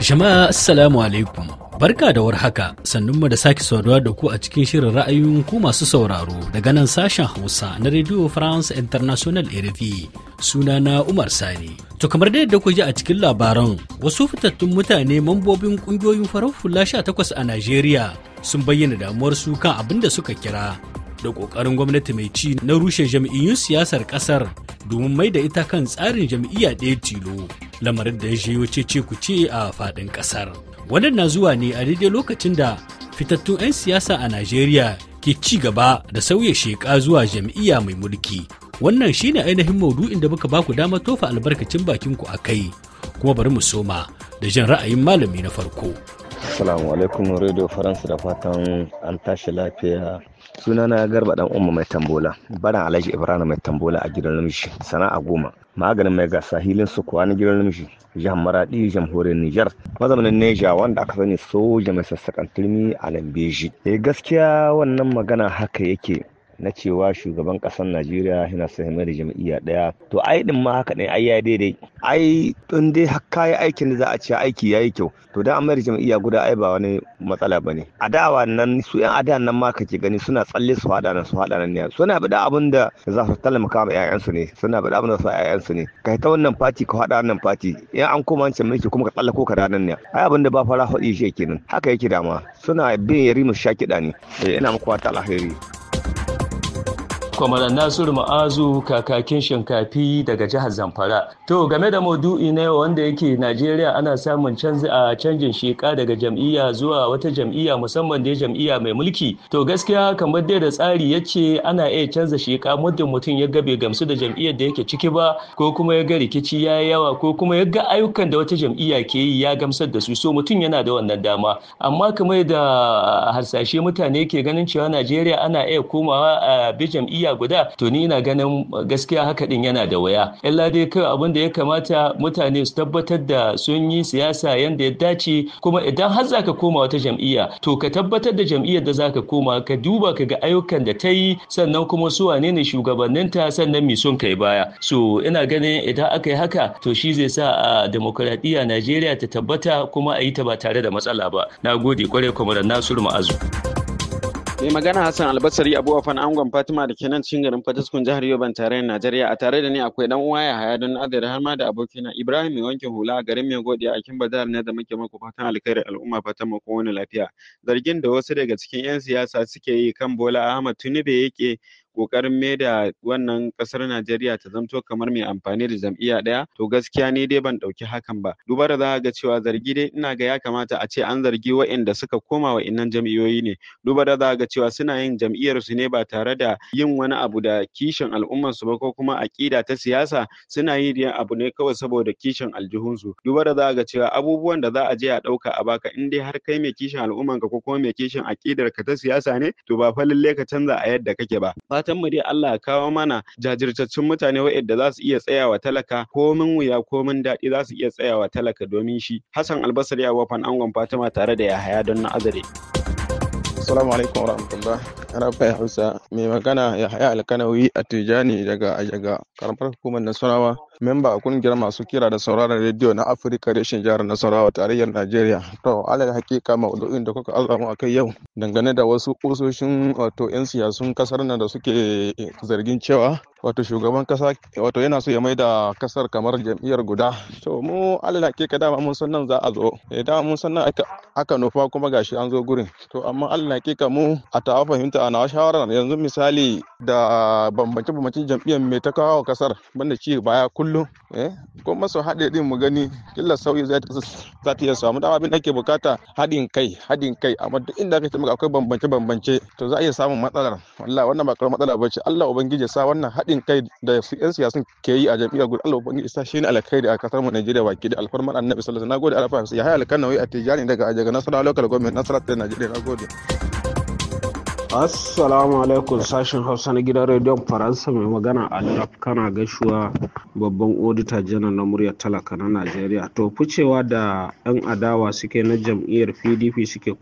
Jama'a Assalamu alaikum. Barka da warhaka sannunmu da sake saduwa da ku a cikin shirin ra'ayoyin ku masu sauraro daga nan sashen Hausa na Radio France International suna na Umar Sani. To kamar dai da ku ji a cikin labaran wasu fitattun mutane mambobin kungiyoyin farar hula 18 a Najeriya sun bayyana damuwarsu kan abin da suka kira da ƙoƙarin gwamnati mai ci na rushe jam'iyyun siyasar ƙasar domin mai da ita kan tsarin jam'iyya ɗaya tilo lamarin da ya wace cece ku ce a faɗin ƙasar wannan na zuwa ne a daidai lokacin da fitattun 'yan siyasa a najeriya ke ci gaba da sauya sheƙa zuwa jam'iyya mai mulki wannan shine ainihin maudu'in da muka baku damar tofa albarkacin bakin ku a kai kuma bari mu soma da jin ra'ayin malami na farko Assalamu alaikum Radio Faransa da fatan an tashi lafiya sunana garba dan umma mai tambola baran alhaji ibrahim mai tambola a gidan namiji sana'a goma maganin mai gasa hilin su kuwa na gidan namiji jihar maradi jamhuriyar niger mazaunin neja wanda aka sani soja mai sassakan turmi a lambeji eh gaskiya wannan magana haka yake na cewa shugaban kasar najeriya yana son da jam'iyya ɗaya to ai din ma haka ɗin ai ya daidai ai tun dai haka ya aikin da za a ce aiki ya yi kyau to da amma da jam'iyya guda ai ba wani matsala ba ne adawa nan su yan adawa nan ma kake gani suna tsalle su haɗa nan su haɗa nan ne suna bada abin da za su talamaka ma su ne suna bada abin da su ne ka ta wannan fati ka haɗa wannan fati yan an koma wancan mulki kuma ka tsalla ko ka nan ne ai abin da ba fara haɗi shi kenan haka yake dama suna bin yari mu sha kiɗa ne eh, ina muku fata alheri kwamaran nasiru ma'azu kakakin shinkafi daga jihar zamfara to game da maudu'i na yau wanda yake najeriya ana samun canji a canjin sheka daga jam'iyya zuwa wata jam'iyya musamman da jam'iyya mai mulki to gaskiya kamar dai da tsari yace ana iya canza sheka muddin mutum ya ga bai gamsu da jam'iyyar da yake ciki ba ko kuma ya ga rikici ya yawa ko kuma ya ga ayyukan da wata jam'iyya ke yi ya gamsar da su so mutum yana da wannan dama amma kamar da harsashe mutane ke ganin cewa najeriya ana iya komawa a bi jam'iyya tarayya guda to ni ina ganin gaskiya haka din yana da waya illa dai kawai abin da ya kamata mutane su tabbatar da sun yi siyasa yanda ya dace kuma idan har zaka koma wata jam'iyya to ka tabbatar da jam'iyyar da zaka koma ka duba ka ga ayyukan da ta yi sannan kuma su wane ne shugabanninta sannan mi sun kai baya so ina ganin idan aka yi haka to shi zai sa a demokradiyya Najeriya ta tabbata kuma a yi ta ba tare da matsala ba na gode kwarai kwamarar Nasiru Ma'azu. Mai magana Hassan Albasari Abu Afan Angon Fatima da ke nan cikin garin Fataskun jihar Yoruba Yoban tarayyar Najeriya a tare da ni akwai dan uwa haya don Adar har ma da abokina Ibrahim mai wanke hula a garin Mai Godiya a kin bazar ne da muke muku fatan alkhairi al'umma fatan mu kowane lafiya. Zargin da wasu daga cikin 'yan siyasa suke yi kan Bola Ahmad Tinubu yake ƙoƙarin maida wannan ƙasar Najeriya ta zamto kamar mai amfani da jam'iyya ɗaya to gaskiya ni dai ban ɗauki hakan ba duba da za ga cewa zargi dai ina ga ya kamata a ce an zargi waɗanda suka koma wa innan jam'iyyoyi ne duba da za ga cewa suna yin jam'iyyar su ne ba tare da yin wani abu da kishin al'umman su ba ko kuma aƙida ta siyasa suna yi da abu ne kawai saboda kishin aljihunsu? su duba da za ga cewa abubuwan da za a je a ɗauka a baka in dai har kai mai kishin al'umman ka ko kuma mai kishin aƙidar ka ta siyasa ne to ba fa lalle ka canza a yadda kake ba fatan mu dai Allah ya kawo mana jajirtaccen mutane waɗanda za su iya tsayawa talaka ko komin wuya komin daɗi za su iya tsayawa talaka domin shi Hassan Albasari ya wafan angon Fatima tare da Yahaya don na azare. Assalamu alaikum Ana fa Hausa mai magana Yahaya Alkanawi a Tijani daga Ajaga, karamar hukumar Nasarawa memba a kungiyar masu kira da sauraron rediyo na afirka reshen jihar nasarawa tarayyar najeriya to alal hakika maudu'in da kuka azamu a kai yau dangane da wasu kusoshin wato 'yan siyasun kasar nan da suke zargin cewa wato shugaban kasa wato yana so ya mai da kasar kamar jam'iyyar guda to mu alal hakika dama mun san nan za a zo eh dama mun san nan aka nufa kuma gashi an zo gurin to amma alal hakika mu a ta fahimta a nawa shawarar yanzu misali da bambance bambancin jam'iyyar mai ta kawo kasar banda ci baya kullum kullum eh kuma haɗe din mu gani killa sauyi za ta iya samu dama abin da ake bukata haɗin kai haɗin kai amma duk inda aka taimaka akwai bambance bambance to za a iya samun matsalar wallahi wannan ba karamar matsala bace Allah ubangiji sa wannan haɗin kai da yan siyasan ke yi a jami'ar gudu Allah ubangiji sa shi ne alkhairi a kasar mu Najeriya baki da alfarman Annabi sallallahu alaihi wasallam nagode alfa ya hayal kanawi a tijani daga daga nasara local government Nasarawa Najeriya nagode Assalamu alaikum sashen Hausa na gidan rediyon Faransa mai magana Alirab kana gaishuwa babban odita janar na murya talaka na Najeriya. To ficewa da 'yan adawa suke na jam'iyyar PDP suke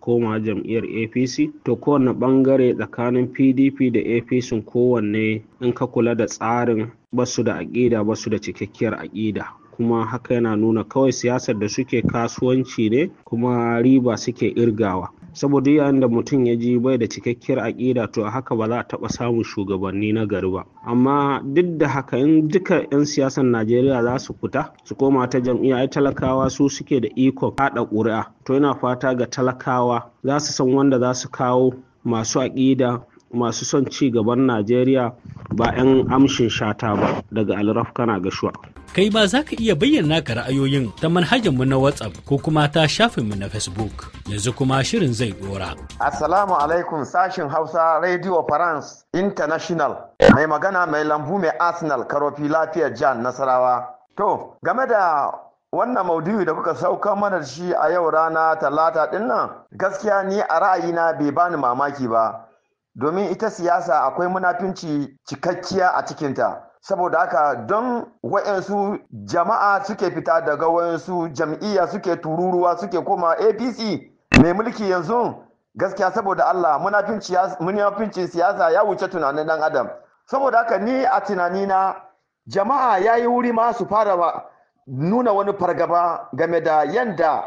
koma jam'iyyar APC? To kowane bangare tsakanin PDP da APC kowanne in ka kula da tsarin basu da aƙida basu da cikakkiyar aƙida. kuma haka yana nuna kawai siyasar da suke kasuwanci ne kuma riba suke irgawa saboda yayin da mutum ya ji bai da cikakkiyar aƙida to haka ba za a taɓa samun shugabanni na gari ba amma duk da haka in duka 'yan siyasar najeriya za su fita su koma ta jam'iyya ai talakawa su suke da ikon haɗa ƙuri'a to yana fata ga talakawa za su san wanda za su kawo masu aƙida masu son ci gaban Najeriya ba 'yan amshin shata ba daga Alraf kana shuwa. Kai ba za ka iya bayyana ka ra'ayoyin ta manhajarmu na WhatsApp ko kuma ta shafinmu na Facebook. Yanzu kuma shirin zai dora. Assalamu alaikum sashin Hausa Radio France International. Mai magana mai lambu mai Arsenal karofi lafiyar Jan Nasarawa. To, game da wannan maudu'i da kuka sauka mana shi a yau rana talata dinnan gaskiya ni a ra'ayina bai bani mamaki ba domin ita siyasa akwai munafinci cikakkiya a cikinta saboda haka don wa'yansu jama'a suke fita daga wa'yansu jam'iyya suke tururuwa suke koma apc mai mulki yanzu gaskiya saboda allah munafincin siyasa ya wuce tunanin dan adam saboda haka ni a tunanina jama'a ya yi wuri ma su fara nuna wani fargaba game da yanda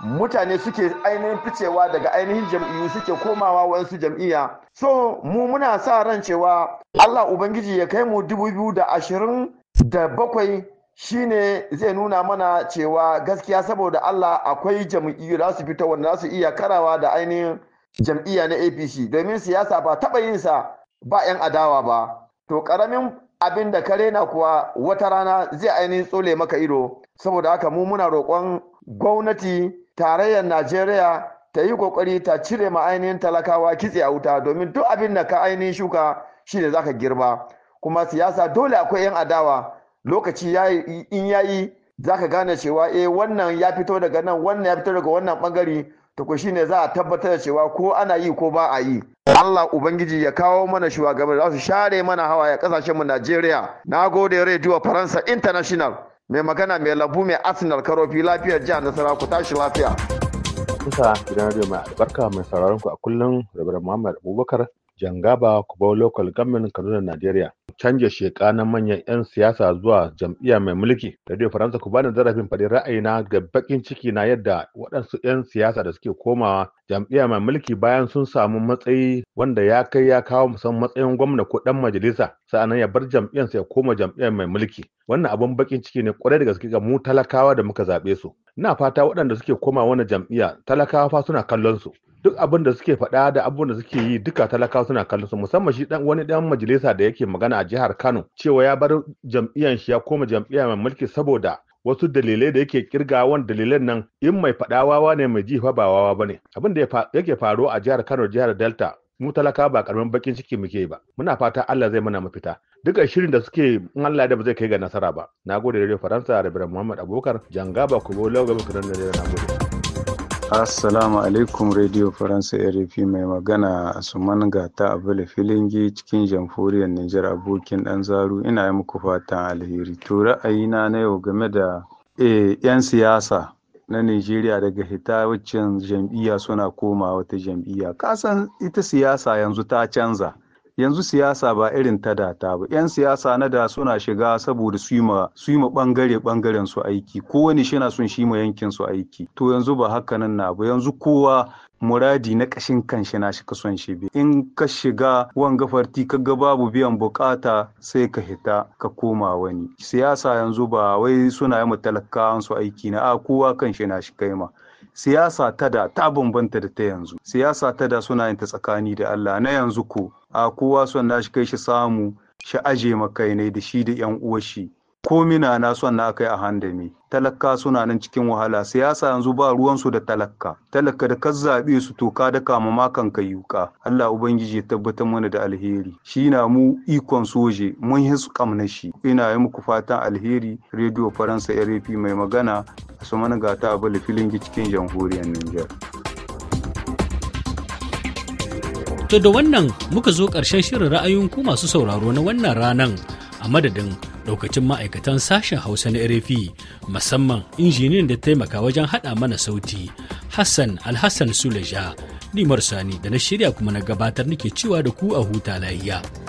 mutane suke ainihin ficewa daga ainihin jam'iyyu suke komawa wasu jam'iyya so mu muna sa ran cewa Allah ubangiji ya kai mu dubu biyu da ashirin da bakwai shine zai nuna mana cewa gaskiya saboda Allah akwai jam'iyyu da su fita wanda za su iya karawa da ainihin jam'iyya na APC domin siyasa ba taɓa yin sa ba 'yan adawa ba to karamin abin da ka rena kuwa wata rana zai ainihin tsole maka ido saboda haka mu muna roƙon gwamnati tarayyar Najeriya ta yi kokari ta cire ma ainihin talakawa kitse a wuta domin duk abin da ka ainihin shuka shi ne zaka girma kuma siyasa dole akwai 'yan adawa lokaci in ya yayi zaka gane cewa eh wannan ya fito daga nan wannan ya fito daga wannan bangare to ko shine za a tabbatar da cewa ko ana yi ko ba a yi Allah ubangiji ya kawo mana shugaban za su share mana hawa ya kasashen mu Najeriya nagode radio Faransa International mai magana mai labu mai arsenal karofi lafiyar jihar nasara ku tashi lafiya kusa gidan radio mai albarka mai sauraron ku a kullum da muhammad abubakar Jangaba, Kubau Local Government, Kaduna, Najeriya. Canja sheka na manyan 'yan siyasa zuwa jam'iyya mai mulki. Radio Faransa ku bani zarafin faɗi ra'ayina ga bakin ciki na yadda waɗansu 'yan siyasa da suke komawa jam'iyya mai mulki bayan sun samu matsayi wanda ya kai ya kawo musamman matsayin gwamna ko ɗan majalisa sa'annan ya bar jam'iyyarsa ya koma jam'iyyar mai mulki. Wannan abun bakin ciki ne kwarai da gaske ga mu talakawa da muka zaɓe su. Ina fata waɗanda suke koma wani jam'iyya talakawa fa suna kallon su. duk abin da suke faɗa da abubuwan da suke yi duka talaka suna kallon su musamman shi dan wani dan majalisa da yake magana a jihar Kano cewa ya bar jam'iyyar shi ya koma jam'iyyar mai mulki saboda wasu dalilai da yake kirga wan dalilan nan in mai faɗa wawa ne mai jifa ba wawa bane abin da yake faruwa a jihar Kano jihar Delta mu talaka ba karamin bakin ciki muke ba muna fata Allah zai mana mafita duka shirin da suke in Allah da ba zai kai ga nasara ba nagode da Faransa da Ibrahim Muhammad Abubakar jangaba kubo logo da nagode Assalamu alaikum Radio Faransa rp mai magana Suman Gata Abule Filingi cikin jamhuriyar Nijar abokin ɗan zaru ina yi muku fatan alheri. To ra'ayina na yau game da e, eh, 'yan siyasa na Nijeriya daga hita waccan jam'iyya suna koma wata jam'iyya. Kasan ita siyasa yanzu ta canza. yanzu siyasa ba irin ta da ta ba yan siyasa na da suna shiga saboda su yi ma bangare bangaren su aiki kowani shi na son shi ma yankin su aiki to yanzu ba haka nan na ba yanzu kowa muradi na kashin kanshi na shi son shi bi in ka shiga wanga farti ka ga babu biyan bukata sai ka hita ka koma wani siyasa yanzu ba wai suna yi talakawan su aiki na a kowa kanshi na shi kaima siyasa ta da ta bambanta da ta yanzu siyasa ta da suna yin ta tsakani da Allah na yanzu ko a kowa son na shi kai shi samu shi aje makai ne da shi da yan uwa shi ko mina na son na kai a handami talaka suna nan cikin wahala siyasa yanzu ba ruwan su da talaka talaka da ka zaɓe su to ka daka ma makan ka yuka Allah ubangiji ya tabbatar mana da alheri shi na mu ikon soje mun yi su kamna shi ina yi muku fatan alheri radio faransa rfi mai magana a su mana gata a filin cikin jamhuriyar Nijar. To da wannan muka zo ƙarshen shirin ra'ayin ku masu sauraro na wannan ranan a madadin ɗaukacin ma'aikatan sashen Hausa na RFI musamman injiniyan da taimaka wajen haɗa mana sauti Hassan Alhassan Suleja Limar Sani da na shirya kuma na gabatar nake cewa da ku a huta lahiya.